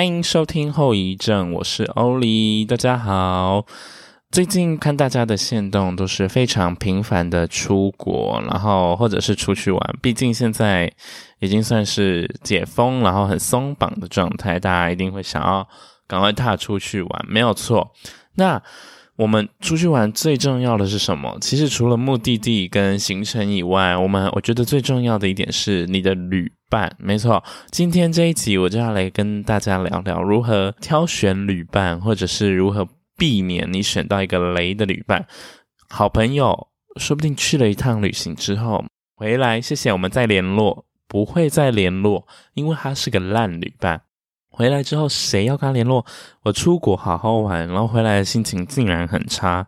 歡迎收聽後遺症，我是歐里，大家好。最近看大家的行動都是非常頻繁的出國，然後或者是出去玩。畢竟現在已經算是解封，然後很鬆綁的狀態，大家一定會想要趕快踏出去玩，沒有錯。那我們出去玩最重要的是什麼？其實除了目的地跟行程以外，我們我覺得最重要的一點是你的旅伴。沒錯，今天這一集我就要來跟大家聊聊如何挑選旅伴，或者是如何避免你選到一個雷的旅伴。好朋友說不定去了一趟旅行之後回來，謝謝我們再聯絡，不會再聯絡，因為他是個爛旅伴。回來之後，誰要跟他聯絡？我出國好好玩，然後回來的心情竟然很差。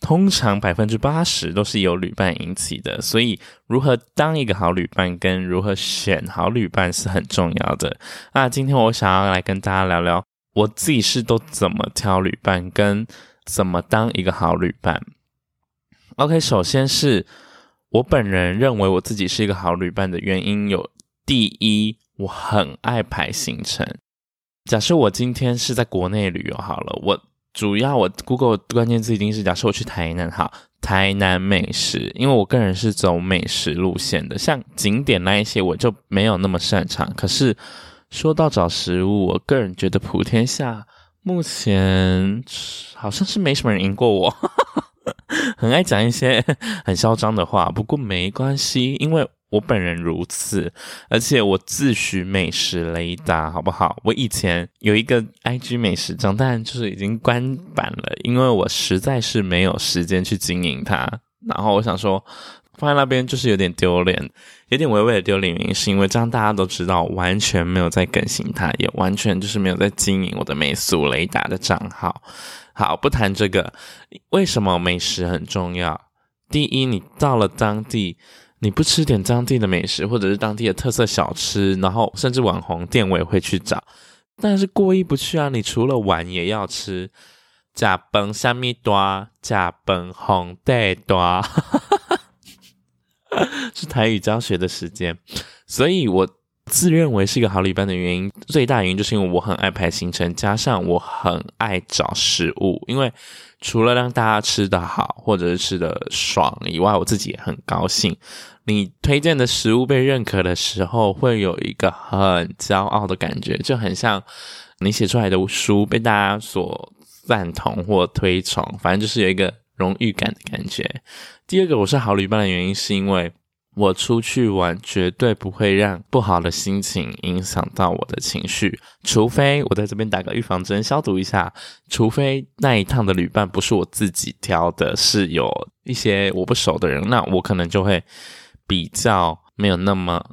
通常百分之八十都是由旅伴引起的，所以如何當一個好旅伴，跟如何選好旅伴是很重要的。那今天我想要來跟大家聊聊，我自己是都怎麼挑旅伴，跟怎麼當一個好旅伴。OK，首先是我本人認為我自己是一個好旅伴的原因有：第一，我很愛排行程。假設我今天是在國內旅遊好了，我主要我 Google 關鍵字一定是假設我去台南哈，台南美食，因為我個人是走美食路線的，像景點那一些我就沒有那麼擅長。可是說到找食物，我個人覺得普天下目前好像是沒什麼人贏過我，哈哈哈，很愛講一些很囂張的話。不過沒關係，因為。我本人如此，而且我自詡美食雷達，好不好？我以前有一個 IG 美食賬，但就是已經關版了，因為我實在是沒有時間去經營它。然後我想說，放在那邊就是有點丟臉，有點微微的丟臉，原因是因為這樣大家都知道，完全沒有在更新它，也完全就是沒有在經營我的美食雷達的賬號。好，不談這個，為什麼美食很重要？第一，你到了當地。你不吃點當地的美食，或者是當地的特色小吃，然後甚至網紅店，我也會去找，但是過意不去啊！你除了玩，也要吃。甲崩蝦米多，甲崩紅帶多， 是台語教學的時間，所以我。自認為是一個好旅伴的原因，最大原因就是因為我很愛排行程，加上我很愛找食物。因為除了讓大家吃得好或者是吃得爽以外，我自己也很高興。你推薦的食物被認可的時候，會有一個很驕傲的感覺，就很像你寫出來的書被大家所贊同或推崇，反正就是有一個榮譽感的感覺。第二個，我是好旅伴的原因，是因為。我出去玩絕對不會讓不好的心情影響到我的情緒，除非我在這邊打個預防針消毒一下，除非那一趟的旅伴不是我自己挑的，是有一些我不熟的人，那我可能就會比較沒有那麼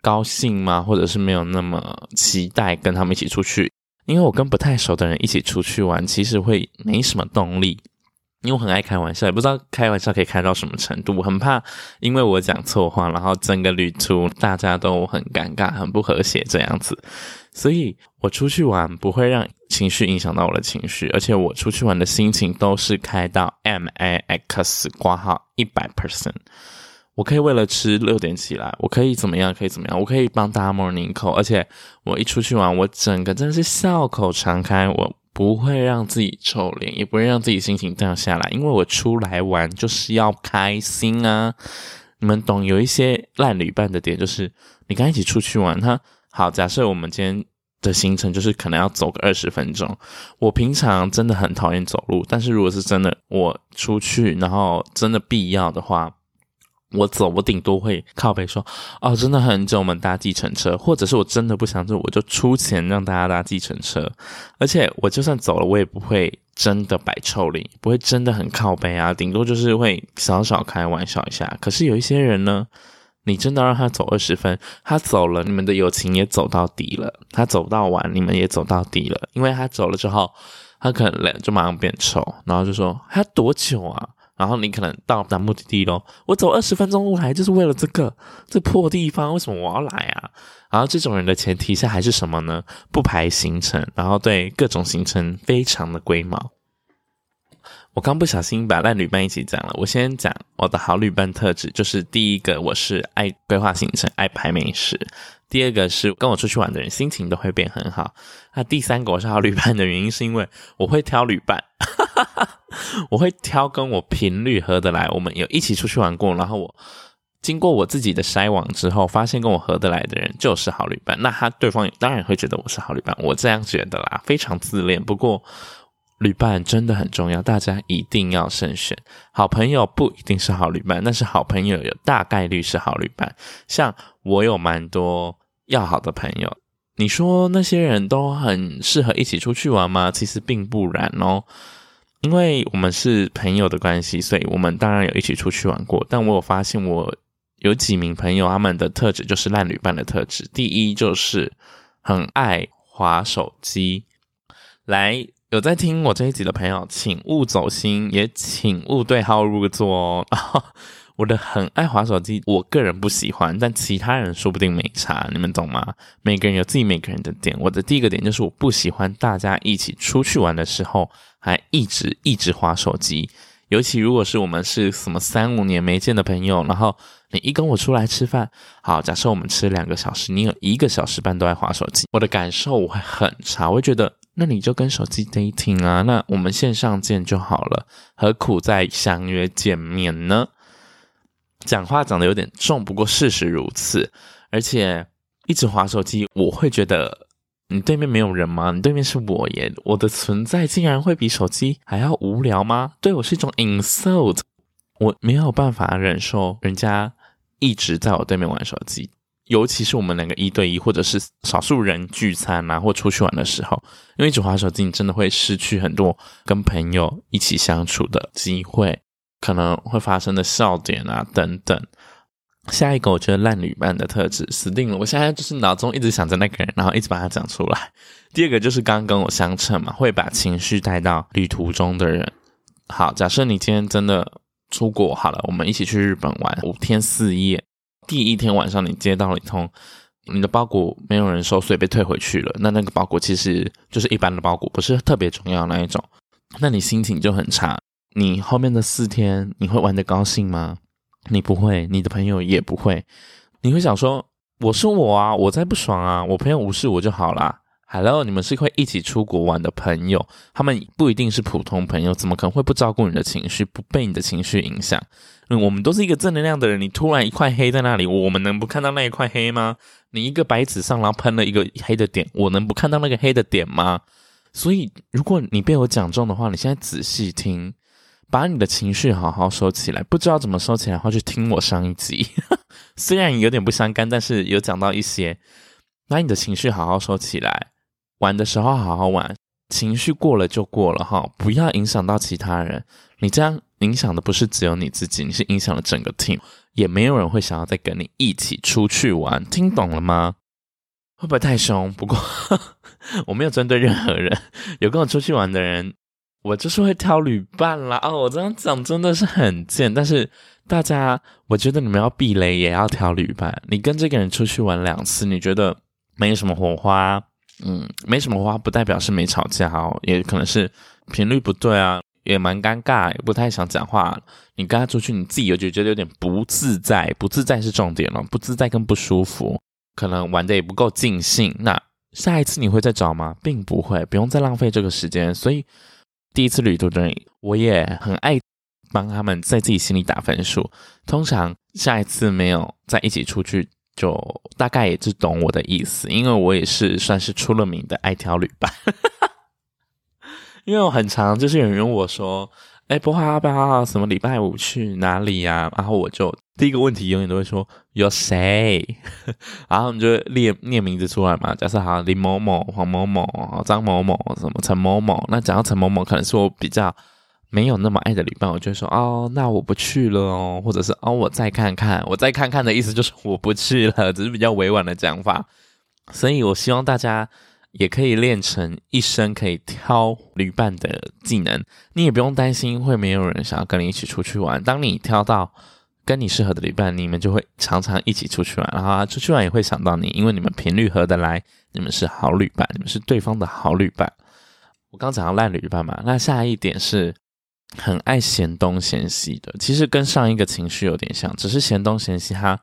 高興嘛，或者是沒有那麼期待跟他們一起出去，因為我跟不太熟的人一起出去玩，其實會沒什麼動力。因為我很愛開玩笑，也不知道開玩笑可以開到什麼程度，我很怕因為我講錯話，然後整個旅途大家都很尷尬、很不和諧這樣子。所以我出去玩不會讓情緒影響到我的情緒，而且我出去玩的心情都是開到 MAX，掛號一百 percent。我可以為了吃六點起來，我可以怎麼樣？可以怎麼樣？我可以幫大家 morning call，而且我一出去玩，我整個真的是笑口常開。我。不會讓自己臭臉，也不會讓自己心情掉下來，因為我出來玩就是要開心啊！你們懂？有一些爛旅伴的點就是，你跟他一起出去玩，他好，假設我們今天的行程就是可能要走個二十分鐘，我平常真的很討厭走路，但是如果是真的我出去，然後真的必要的話。我走，我頂多會靠北說，哦，真的很久，我們搭計程車，或者是我真的不想走，我就出錢讓大家搭計程車，而且我就算走了，我也不會真的擺臭臉，不會真的很靠北啊，頂多就是會少少開玩笑一下。可是有一些人呢，你真的讓他走二十分，他走了，你們的友情也走到底了，他走不到完，你們也走到底了，因為他走了之後，他可能就馬上變臭，然後就說，他多久啊？然後你可能到達目的地嘍。我走二十分鐘路來就是為了這個，這破地方為什麼我要來啊？然後這種人的前提下還是什麼呢？不排行程，然後對各種行程非常的龜毛。我剛不小心把爛旅伴一起講了。我先講我的好旅伴特質，就是第一個，我是愛規劃行程，愛排美食。第二個是跟我出去玩的人，心情都會變很好。那第三個我是好旅伴的原因，是因為我會挑旅伴， 我會挑跟我頻率合得來，我們有一起出去玩過，然後我經過我自己的篩網之後，發現跟我合得來的人就是好旅伴。那他對方當然會覺得我是好旅伴，我這樣覺得啦，非常自戀。不過。旅伴真的很重要，大家一定要慎選。好朋友不一定是好旅伴，但是好朋友有大概率是好旅伴。像我有蠻多要好的朋友，你說那些人都很適合一起出去玩嗎？其實並不然哦，因為我們是朋友的關係，所以我們當然有一起出去玩過。但我有發現，我有幾名朋友，他們的特質就是爛旅伴的特質。第一就是很愛滑手機。來。有在聽我這一集的朋友，請勿走心，也請勿對號入座哦。 我的很愛滑手機，我個人不喜歡，但其他人說不定沒差，你們懂嗎？每個人有自己每個人的點。我的第一個點就是，我不喜歡大家一起出去玩的時候還一直一直滑手機。尤其如果是我們是什麼三五年沒見的朋友，然後你一跟我出來吃飯，好，假設我們吃兩個小時，你有一個小時半都在滑手機，我的感受我會很差，我會覺得。那你就跟手機 dating 啊？那我們線上見就好了，何苦再相約見面呢？講話講得有點重，不過事實如此。而且一直滑手機，我會覺得你對面沒有人嗎？你對面是我耶，我的存在竟然會比手機還要無聊嗎？對我是一種 insult，我沒有辦法忍受人家一直在我對面玩手機。尤其是我們兩個一對一，或者是少數人聚餐啊，或出去玩的時候，因為一直滑手機，你真的會失去很多跟朋友一起相處的機會，可能會發生的笑點啊等等。下一個，我覺得爛旅伴的特質死定了。我現在就是腦中一直想着那個人，然後一直把他講出來。第二個就是剛跟我相稱嘛，會把情緒帶到旅途中的人。好，假設你今天真的出國好了，我們一起去日本玩五天四夜。第一天晚上你接到一通，你的包裹沒有人收，所以被退回去了。那那個包裹其實就是一般的包裹，不是特別重要那一種。那你心情就很差，你後面的四天你會玩得高興嗎？你不會，你的朋友也不會。你會想說，我是我啊，我在不爽啊，我朋友無視我就好啦。Hello，你們是會一起出國玩的朋友，他們不一定是普通朋友，怎麼可能會不照顧你的情緒，不被你的情緒影響？嗯，我們都是一個正能量的人，你突然一塊黑在那裡，我們能不看到那一塊黑嗎？你一個白紙上，然後噴了一個黑的點，我能不看到那個黑的點嗎？所以，如果你被我講中的話，你現在仔細聽，把你的情緒好好收起來。不知道怎麼收起來的話，就聽我上一集， 雖然有點不相干，但是有講到一些，把你的情緒好好收起來。玩的時候好好玩，情緒過了就過了哈，不要影響到其他人。你這樣影響的不是只有你自己，你是影響了整個 team，也沒有人會想要再跟你一起出去玩，聽懂了嗎？會不會太凶？不過，呵呵，我沒有針對任何人。有跟我出去玩的人，我就是會挑旅伴啦。哦，我這樣講真的是很賤，但是大家，我覺得你們要避雷也要挑旅伴。你跟這個人出去玩兩次，你覺得沒有什麼火花？嗯，沒什麼話不代表是沒吵架，哦，也可能是頻率不對啊，也蠻尷尬，也不太想講話。你跟他出去，你自己又覺覺得有點不自在，不自在是重點了，不自在跟不舒服，可能玩得也不夠盡興。那下一次你會再找嗎？並不會，不用再浪費這個時間。所以第一次旅途裡，我也很愛幫他們在自己心裡打分數。通常下一次沒有在一起出去。就大概也是懂我的意思，因為我也是算是出了名的愛挑旅伴， 因為我很常就是有人問我說：“哎、欸，波好不好、啊啊？什麼禮拜五去哪裡呀、啊？”然後我就第一個問題永遠都會說：“有誰？”然後你就念列列名字出來嘛。假設好像林某某、黃某某、張某某、什麼陳某某，那講到陳某某可能是我比較。沒有那麼愛的旅伴，我就會說哦，那我不去了哦，或者是哦，我再看看，我再看看的意思就是我不去了，只是比較委婉的講法。所以，我希望大家也可以練成一身可以挑旅伴的技能，你也不用擔心會沒有人想要跟你一起出去玩。當你挑到跟你適合的旅伴，你們就會常常一起出去玩，然後出去玩也會想到你，因為你們頻率合得來，你們是好旅伴，你們是對方的好旅伴。我剛講到爛旅伴嘛，那下一點是。很愛嫌東嫌西的，其實跟上一個情緒有點像，只是嫌東嫌西他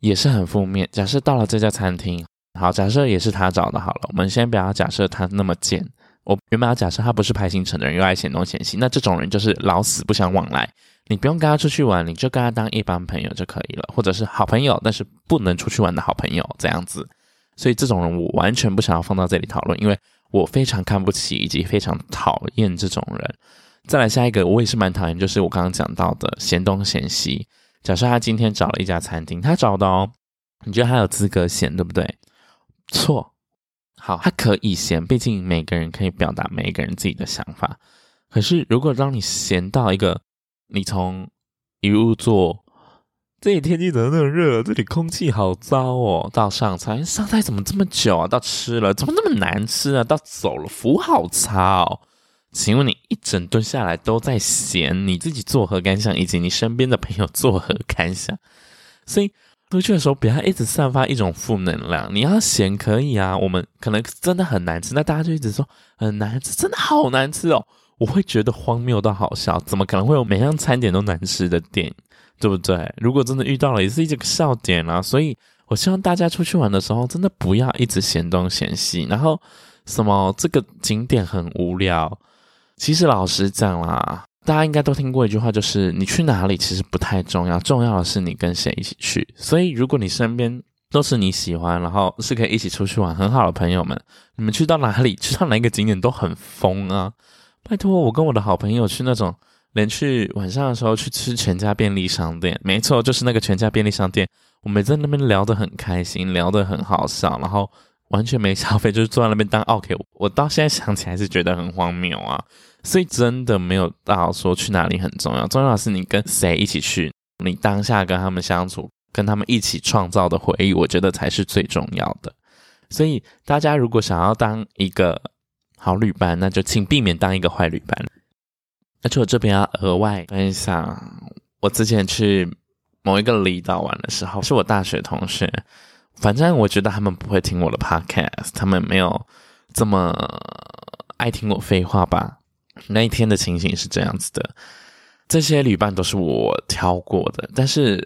也是很負面。假設到了這家餐廳，好，假設也是他找的，好了，我們先不要假設他那麼賤。我原本要假設他不是排行程的人，又愛嫌東嫌西，那這種人就是老死不相往來。你不用跟他出去玩，你就跟他當一般朋友就可以了，或者是好朋友，但是不能出去玩的好朋友這樣子。所以這種人我完全不想要放到這裡討論，因為我非常看不起以及非常討厭這種人。再來下一個，我也是蠻討厭，就是我剛剛講到的嫌東嫌西。假設他今天找了一家餐廳，他找的哦，你覺得他有資格嫌對不對？錯。好，他可以嫌，畢竟每個人可以表達每一個人自己的想法。可是如果讓你嫌到一個，你從一入座，這裡天氣怎麼那麼熱？這裡空氣好糟哦。到上菜，上菜怎麼這麼久啊？到吃了怎麼那麼難吃啊？到走了服務好差哦。請問你一整頓下來都在嫌，你自己作何感想，以及你身邊的朋友作何感想？所以出去的時候不要一直散發一種負能量。你要嫌可以啊，我們可能真的很難吃，那大家就一直說很難吃，真的好難吃哦！我會覺得荒謬到好笑，怎麼可能會有每樣餐點都難吃的點？對不對？如果真的遇到了，也是一整個笑點啊。所以我希望大家出去玩的時候，真的不要一直嫌東嫌西，然後什麼這個景點很無聊，其實老實講啦，大家應該都聽過一句話，就是你去哪裡其實不太重要，重要的是你跟誰一起去。所以，如果你身邊都是你喜歡，然後是可以一起出去玩很好的朋友們，你們去到哪裡，去到哪一個景點都很瘋啊！拜托，我跟我的好朋友去那種，連去晚上的時候去吃全家便利商店，沒錯，就是那個全家便利商店，我們在那邊聊得很開心，聊得很好笑，然後完全沒消費，就是坐在那邊當奧客。我到現在想起來還是覺得很荒謬啊！所以真的沒有到說去哪裡很重要，重要的是你跟誰一起去，你當下跟他們相處，跟他們一起創造的回憶，我覺得才是最重要的。所以大家如果想要當一個好旅伴，那就請避免當一個壞旅伴。而且我這邊要額外分享，我之前去某一個離島玩的時候，是我大學同學，反正我覺得他們不會聽我的 podcast，他們沒有這麼愛聽我廢話吧。那一天的情形是這樣子的，這些旅伴都是我挑過的，但是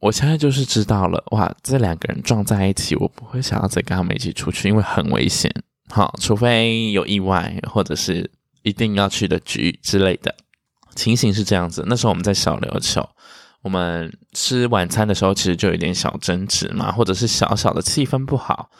我現在就是知道了，哇，這兩個人撞在一起，我不會想要再跟他們一起出去，因為很危險。好，除非有意外，或者是一定要去的局之類的。情形是這樣子，那時候我們在小琉球，我們吃晚餐的時候其實就有點小爭執嘛，或者是小小的氣氛不好，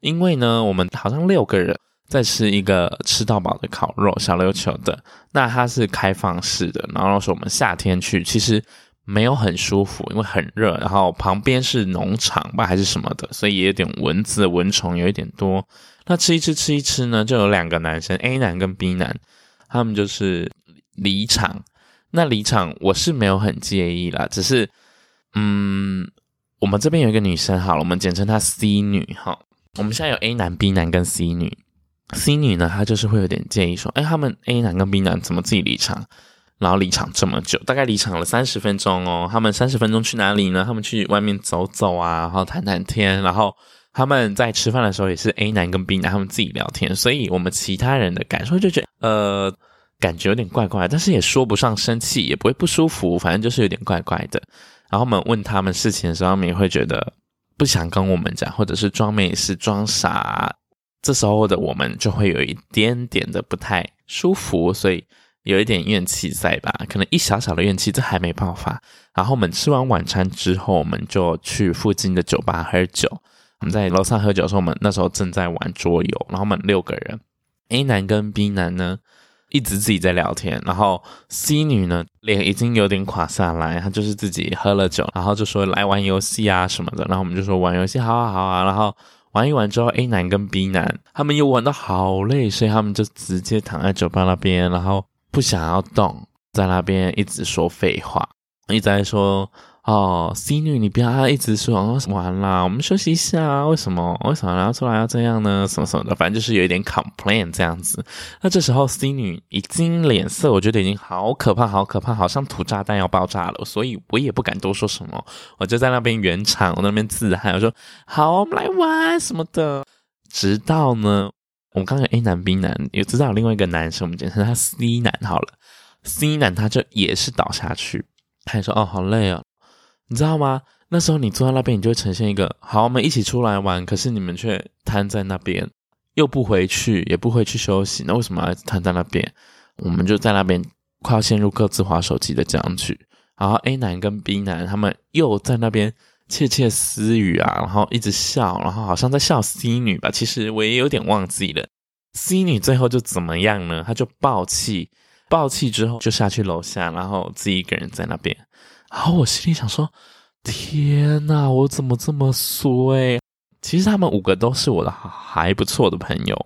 因為呢，我們好像六個人。再吃一個吃到飽的烤肉，小琉球的，那它是開放式的。然後是我們夏天去，其實沒有很舒服，因為很熱。然後旁邊是農場吧，還是什麼的，所以也有點蚊子，蚊蟲有一點多。那吃一吃、吃一吃呢，就有兩個男生，A 男跟 B 男，他們就是離場。那離場我是沒有很介意啦，只是嗯，我們這邊有一個女生，好了，我們簡稱她 C 女哈。我們現在有 A 男、B 男跟 C 女。C 女呢，她就是會有點介意，說：“哎，他們 A 男跟 B 男怎麼自己離場，然後離場這麼久，大概離場了三十分鐘哦。他們三十分鐘去哪裡呢？他們去外面走走啊，然後談談天。然後他們在吃飯的時候也是 A 男跟 B 男，他們自己聊天。所以我們其他人的感受就覺呃，感覺有點怪怪，但是也說不上生氣，也不會不舒服，反正就是有點怪怪的。然後我們問他們事情的時候，他們也會覺得不想跟我們講，或者是裝沒事、裝傻啊。”這時候的我們就會有一點點的不太舒服，所以有一點怨氣在吧？可能一小小的怨氣，這還沒爆發。然後我們吃完晚餐之後，我們就去附近的酒吧喝酒。我們在樓上喝酒的時候，我們那時候正在玩桌遊。然後我們六個人，A 男跟 B 男呢，一直自己在聊天。然後 C 女呢，臉已經有點垮下來，她就是自己喝了酒，然後就說來玩遊戲啊什麼的。然後我們就說玩遊戲，好啊好啊。然後。玩一玩之後，A 男跟 B 男他們又玩的好累，所以他們就直接躺在酒吧那邊，然後不想要動，在那邊一直說廢話，一直在說。哦，C 女，你不要一直說哦，完了，我們休息一下啊？為什麼？為什麼然後出來要這樣呢？什麼什麼的，反正就是有一點 complain 這樣子。那這時候 C 女已經臉色，我覺得已經好可怕，好可怕，好像土炸彈要爆炸了。所以我也不敢多說什麼，我就在那邊圓場，我那邊自嗨，我說好，我們來玩什麼的。直到呢，我們剛剛有 A 男、B 男，也知道有另外一個男生，我們簡稱他 C 男好了，C 男他就也是倒下去，他也說哦，好累哦。你知道嗎？那時候你坐在那邊，你就會呈現一個好，我們一起出來玩，可是你們卻癱在那邊，又不回去，也不回去休息。那為什麼要癱在那邊？我們就在那邊快要陷入各自滑手機的僵局。然後 A 男跟 B 男他們又在那邊竊竊私語啊，然後一直笑，然後好像在笑 C 女吧。其實我也有點忘記了。C 女最後就怎麼樣呢？她就爆氣。爆氣之後就下去樓下，然後自己一個人在那邊。然後我心裡想說：天哪，我怎麼這麼衰？其實他們五個都是我的還不錯的朋友。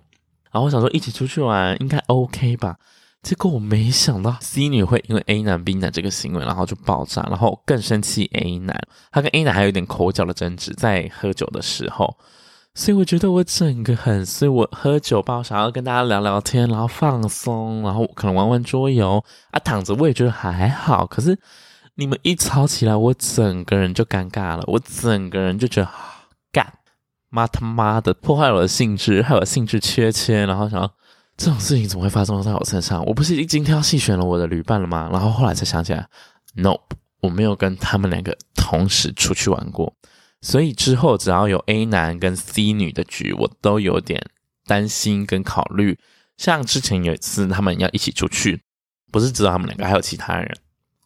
然後我想說一起出去玩應該 OK 吧？結果我沒想到 C 女會因為 A 男、B 男這個行為，然後就爆炸，然後更生氣 A 男。他跟 A 男還有點口角的爭執，在喝酒的時候。所以我覺得我整個很，所以我喝酒吧，我想要跟大家聊聊天，然後放鬆，然後可能玩玩桌遊啊，躺着我也覺得還好。可是你們一吵起來，我整個人就尷尬了，我整個人就覺得，啊、幹，媽他媽的破壞我的興致，害我興致缺缺，然後想，這種事情怎麼會發生在我身上？我不是已經精挑細選了我的旅伴了嗎？然後後來才想起來，no，、nope, 我沒有跟他們兩個同時出去玩過。所以之後，只要有 A 男跟 C 女的局，我都有點擔心跟考慮。像之前有一次，他們要一起出去，不是只有他們兩個還有其他人，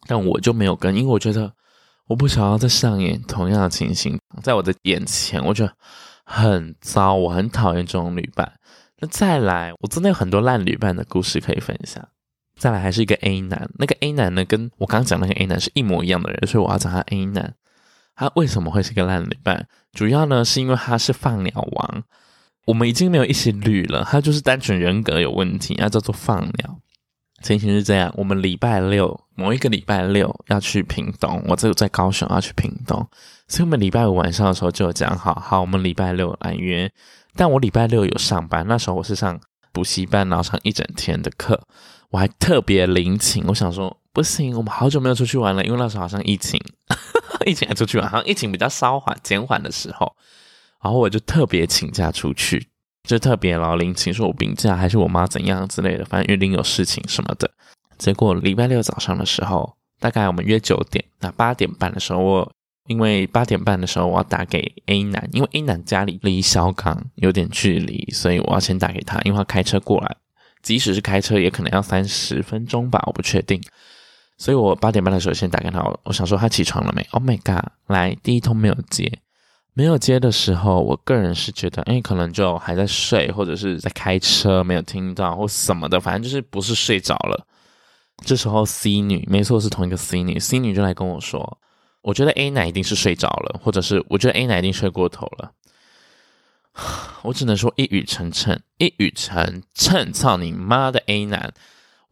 但我就沒有跟，因為我覺得我不想要再上演同樣的情形。在我的眼前，我覺得很糟，我很討厭這種旅伴。那再來，我真的有很多爛旅伴的故事可以分享。再來，還是一個 A 男，那個 A 男呢，跟我剛剛講那個 A 男是一模一樣的人，所以我要叫他 A 男。他、啊、為什麼會是一個爛旅伴？主要呢，是因為他是放鳥王。我們已經沒有一些綠了，他就是單純人格有問題，要叫做放鳥。情形是這樣，我們禮拜六某一個禮拜六要去屏東，我這個在高雄要去屏東，所以我們禮拜五晚上的時候就有講，好好，我們禮拜六來約。但我禮拜六有上班，那時候我是上補習班，然後上一整天的課，我還特別臨情，我想說。不行，我們好久沒有出去玩了，因為那時候好像疫情，呵呵，疫情還出去玩，好像疫情比較稍緩減緩的時候，然後我就特別請假出去，就特別老零，請說我病假還是我媽怎樣之類的，反正約定有事情什麼的。結果禮拜六早上的時候，大概我們約九點，那八點半的時候我，我因為八點半的時候我要打給 A 男，因為 A 男家裡離小港有點距離，所以我要先打給他，因為他開車過來，即使是開車也可能要三十分鐘吧，我不確定。所以我八點半的時候先打給他，我想說他起床了沒？Oh my god！來，第一通沒有接，沒有接的時候，我個人是覺得，誒，可能就還在睡，或者是在開車，沒有聽到或什麼的，反正就是不是睡着了。這時候 C 女，沒錯，是同一個 C 女，C 女就來跟我說，我覺得 A 男一定是睡着了，或者是我覺得 A 男一定睡過頭了。我只能說一語成讖，一語成讖，成操你媽的 A 男！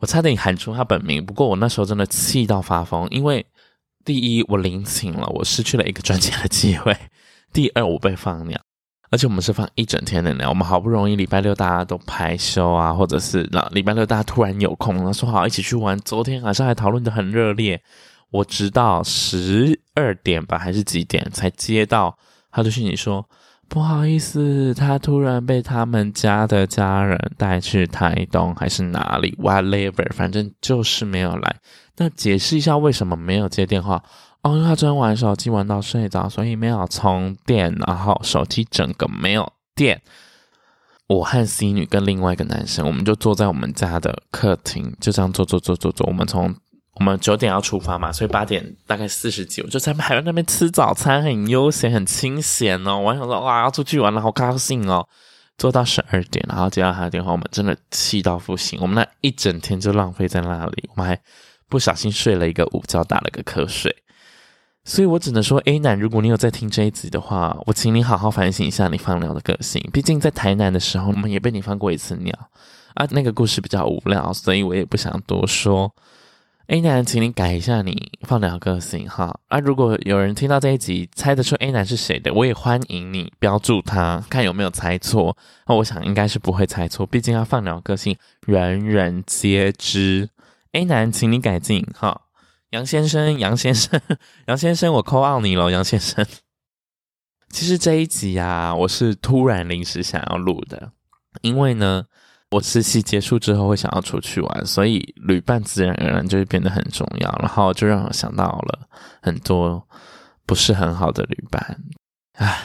我差點喊出他本名，不過我那時候真的氣到發瘋，因為第一我臨請了，我失去了一個賺錢的機會；第二我被放鳥，而且我們是放一整天的鳥。我們好不容易禮拜六大家都排休啊，或者是那禮拜六大家突然有空啊，然後說好一起去玩。昨天晚上還討論得很熱烈，我直到十二點吧還是幾點才接到他的訊息說。不好意思，他突然被他們家的家人帶去台東還是哪裡，whatever，反正就是沒有來。那解釋一下為什麼沒有接電話？哦，因為他昨天玩手機玩到睡着，所以沒有充電，然後手機整個沒有電。我和 C 女跟另外一個男生，我們就坐在我們家的客廳，就這樣坐坐坐坐坐。我們從我們九點要出發嘛，所以八點大概四十幾，我就在台灣那邊吃早餐，很悠閒，很清閒哦。我還想說，哇，要出去玩了，好高興哦！坐到十二點，然後接到他的電話，我們真的氣到不行。我們那一整天就浪費在那裡，我們還不小心睡了一個午覺，打了個瞌睡。所以我只能說，A 男，如果你有在聽這一集的話，我請你好好反省一下你放鳥的個性。畢竟在台南的時候，我們也被你放過一次鳥啊。那個故事比較無聊，所以我也不想多說。A 男，請你改一下你放鳥個性哈、啊。如果有人聽到這一集猜得出 A 男是誰的，我也歡迎你標注他，看有沒有猜錯。那、哦、我想應該是不會猜錯，畢竟要放鳥個性，人人皆知。A 男，請你改進哈。楊先生，楊先生，楊先生，我 call on 你了，楊先生。其實這一集啊，我是突然臨時想要錄的，因為呢。我實習結束之後會想要出去玩，所以旅伴自然而然就會變得很重要。然後就讓我想到了很多不是很好的旅伴，唉，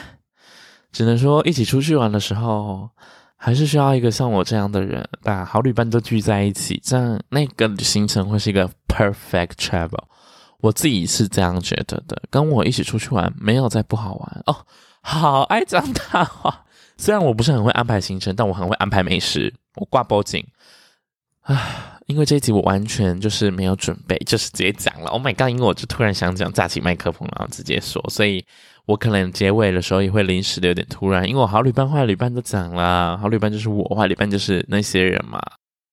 只能說一起出去玩的時候，還是需要一個像我這樣的人把、啊、好旅伴都聚在一起，這樣那個行程會是一個 perfect travel。我自己是這樣覺得的。跟我一起出去玩沒有再不好玩哦，好愛講大話。雖然我不是很會安排行程，但我很會安排美食。我掛報警。啊，因為這一集我完全就是沒有準備，就是直接講了。Oh my god，因為我就突然想講，架起麥克風，然後直接說，所以我可能結尾的時候也會臨時的有點突然，因為我好旅伴、壞旅伴都講了，好旅伴就是我，壞旅伴就是那些人嘛。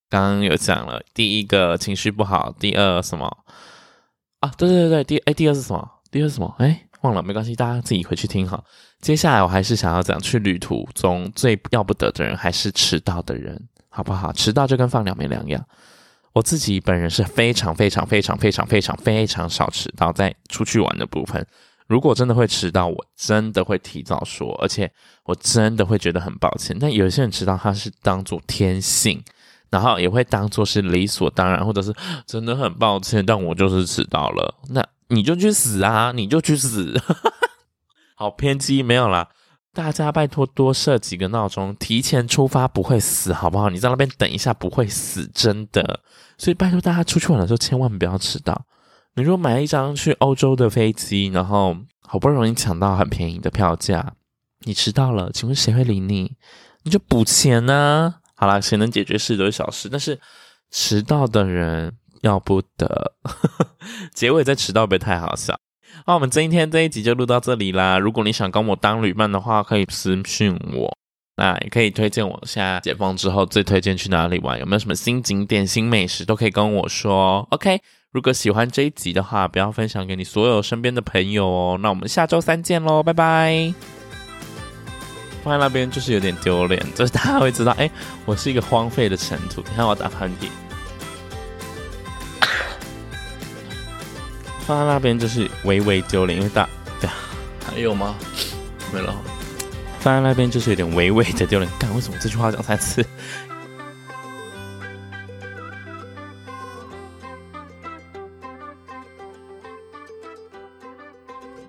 剛剛有講了，第一個情緒不好，第二什麼？啊，對對對對，第哎、欸、第二是什麼？第二是什麼？哎、欸，忘了，沒關係，大家自己回去聽好。接下來我還是想要講去旅途中最要不得的人，還是遲到的人。好不好？遲到就跟放鳥沒兩樣。我自己本人是非常非常非常非常非常非常少遲到，在出去玩的部分，如果真的會遲到，我真的會提早說，而且我真的會覺得很抱歉。但有些人遲到，他是當作天性，然後也會當作是理所當然，或者是真的很抱歉。但我就是遲到了，那你就去死啊！你就去死！ 好偏激，沒有啦。大家拜託多設幾個鬧鐘，提前出發不會死，好不好？你在那邊等一下不會死，真的。所以拜託大家出去玩的時候千萬不要遲到。你如果買了一張去歐洲的飛機，然後好不容易搶到很便宜的票價，你遲到了，請問誰會理你？你就補錢呢、啊？好啦，誰能解決事都是小事，但是遲到的人要不得。 結尾再遲到，別太好笑。那、哦、我們今天這一集就錄到這裡啦。如果你想跟我當旅伴的話，可以私訊我。那也可以推薦我，現在解放之後最推薦去哪裡玩，有沒有什麼新景點、新美食，都可以跟我說。OK。如果喜歡這一集的話，不要分享給你所有身邊的朋友哦、喔。那我們下周三見嘍，拜拜。放在那邊就是有點丟臉，就是大家會知道，哎、欸，我是一個荒廢的塵土。你看我打噴嚏。放在那邊就是微微丟臉，因為大對啊，還有嗎？沒了。放在那邊就是有點微微的丟臉。幹，為什麼這句話要講三次？